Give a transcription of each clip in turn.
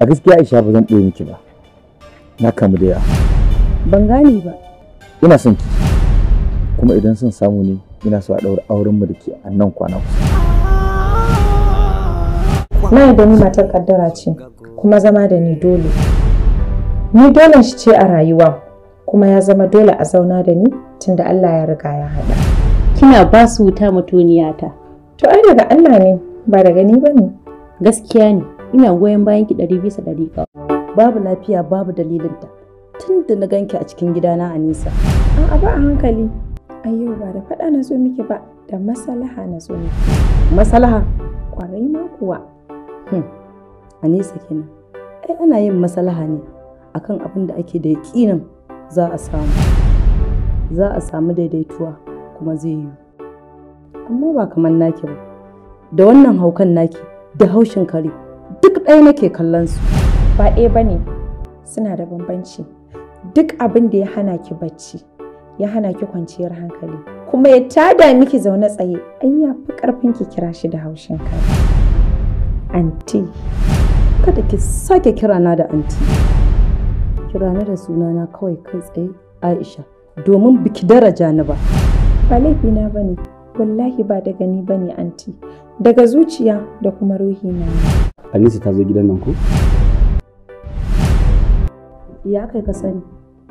a gaskiya aisha ba zan ɓoye miki ba na kamu da yawa ban gane ba ina son ki kuma idan son samu ni, ina so a ɗaura auren mu da ke a nan kwana na yadda ni matar kaddara ce kuma zama da ni dole ni dole shi ce a rayuwa kuma ya zama dole a zauna da ni tunda Allah ya riga ya haɗa kina ba su wuta mutuniyata to ai daga Allah ne ba daga ni bane gaskiya ne ina goyon bayan ki ɗari bisa ɗari ka babu lafiya babu dalilinta tun da na ganki a cikin gidana a nisa an ba a hankali ayyau ba da faɗa na zo miki ba da masalaha na zo miki masalaha kwarai ma kuwa hmm. a nisa kenan ai ana yin masalaha ne akan abin da ake da yaƙinin za a samu za a samu daidaituwa kuma zai yi. amma ba kamar naki ba da wannan haukan naki da haushin kare duk ɗaya nake kallon su ba ɗaya ba ne suna da bambanci duk abin da ya hana ki bacci ya hana ki kwanciyar hankali kuma ya tada miki zaune tsaye ai ya fi ƙarfin ki kira shi da haushin kai anti kada ki sake kira na da anti kira na da sunana kawai kai tsaye aisha domin biki daraja ni ba ba laifina ba ne wallahi ba daga ni bane anti daga zuciya da kuma ruhi na Anisa ta zo gidan nan ko ya kai ka sani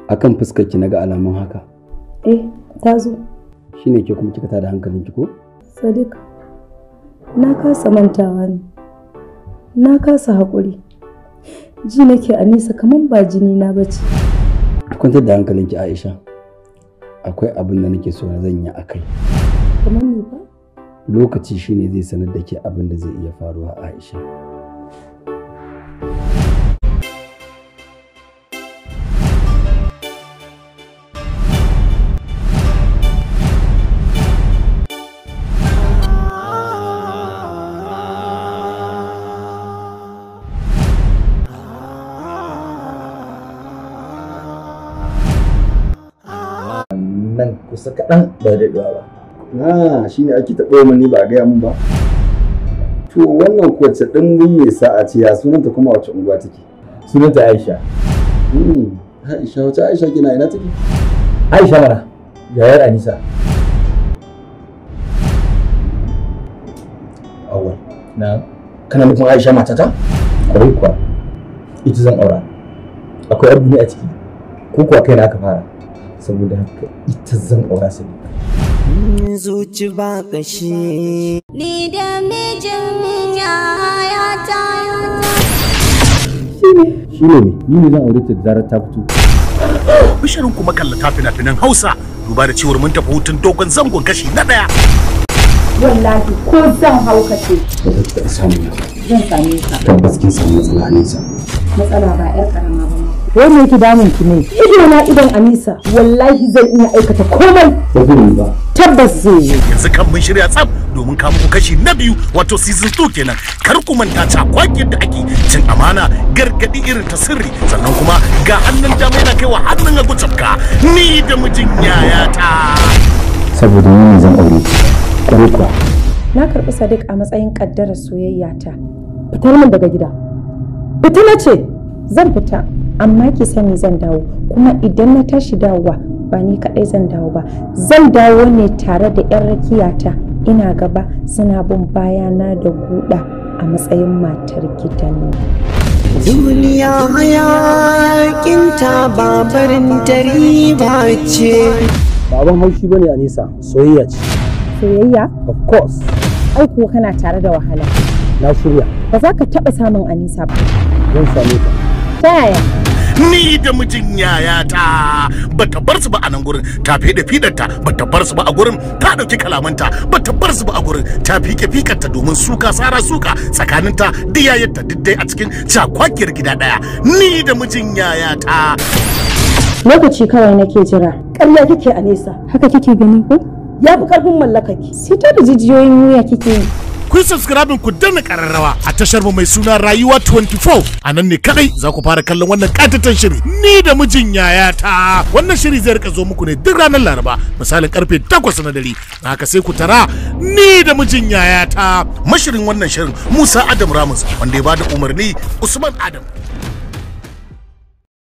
akan fuskar ki naga alamun haka eh ta zo shine ke kuma kika tada hankalin ki ko Sadiq na kasa mantawa ne na kasa haƙuri ji nake Anisa kaman ba jini na bace kwantar da ki Aisha akwai abin da nake so na zan yi a kai Kamar me fa? Lokaci shine zai sanar da ke abin da zai iya faruwa a Aisha. nan kusa kaɗan ba da ba Ah, shine ake taɓa mani ba gaya mun ba. To wannan kowace ɗimbin mai sa'a ce ya sunanta kuma wace unguwa take? Sunanta Aisha. Hmm, Aisha wace Aisha kina ina take? Aisha mana, yayar Anisa. Awal. Na. Kana nufin Aisha matata? Kwarai kuwa. Ita zan aura. Akwai abu ne a ciki. Ko kuwa kai na aka fara. Saboda haka ita zan aura saboda. zuci ba kashi ni da mijin yaya ta shine shine ne ni ne zan aure ta zarar ta fito bishirin kuma kallata fina-finan hausa duba da cewar mun tafi hutun dogon zangon kashi na daya wallahi ko zan hau kace ba za ta samu zan same ka tabbas kin samu matsala ne sa matsala ba yar ko me yake damun ki ne ido na idan Anisa wallahi zan iya aikata komai ba tabbas zai yi yanzu kan mun shirya tsaf domin ka muku kashi na biyu wato season 2 kenan kar ku manta ta kwakin da ake cin amana gargadi irin ta sirri sannan kuma ga hannun dama yana kaiwa hannun hagu ni da mijin yayata saboda ni zan aure ki kuwa na karɓi Sadiq a matsayin ƙaddarar soyayya ta fitar min daga gida fita ce zan fita amma ki sani zan dawo kuma idan na tashi dawowa ba ni kaɗai zan dawo ba zan dawo ne tare da 'yan rakiyata ina gaba suna bin bayana da guda a matsayin matar gidan duniya ta babarin dariba ce baban haushi bane a nisa soyayya ce soyayya of course ai kuwa kana tare da wahala na shirya ba za ka taɓa samun anisa ba zan same ka Ni da mijin yayata ta bata bar su ba a nan gurin ta fide fidar ta bata bar su ba a gurin ta ɗauki kalamanta ta bar su ba a gurin ta fike fikarta domin suka sara suka tsakaninta da ta diddai a cikin cakwakiyar gida ɗaya. Ni da mijin yayata. Lokaci kawai nake jira. Ƙarya kike a nesa. Haka kike gani ko? Ya fi mallakar mallakaki. Sai ta da jijiyoyin wuya kike yi. ku subscribe ku danna kararrawa a tashar mu mai suna Rayuwa 24. A nan ne kadai za ku fara kallon wannan katatan shiri. Ni da mijin yayata. Wannan shiri zai rika zo muku ne duk ranar Laraba misalin karfe 8 na dare. Haka sai ku tara ni da mijin yayata. Mashirin wannan shirin Musa Adam Ramus wanda ya bada umarni Usman Adam.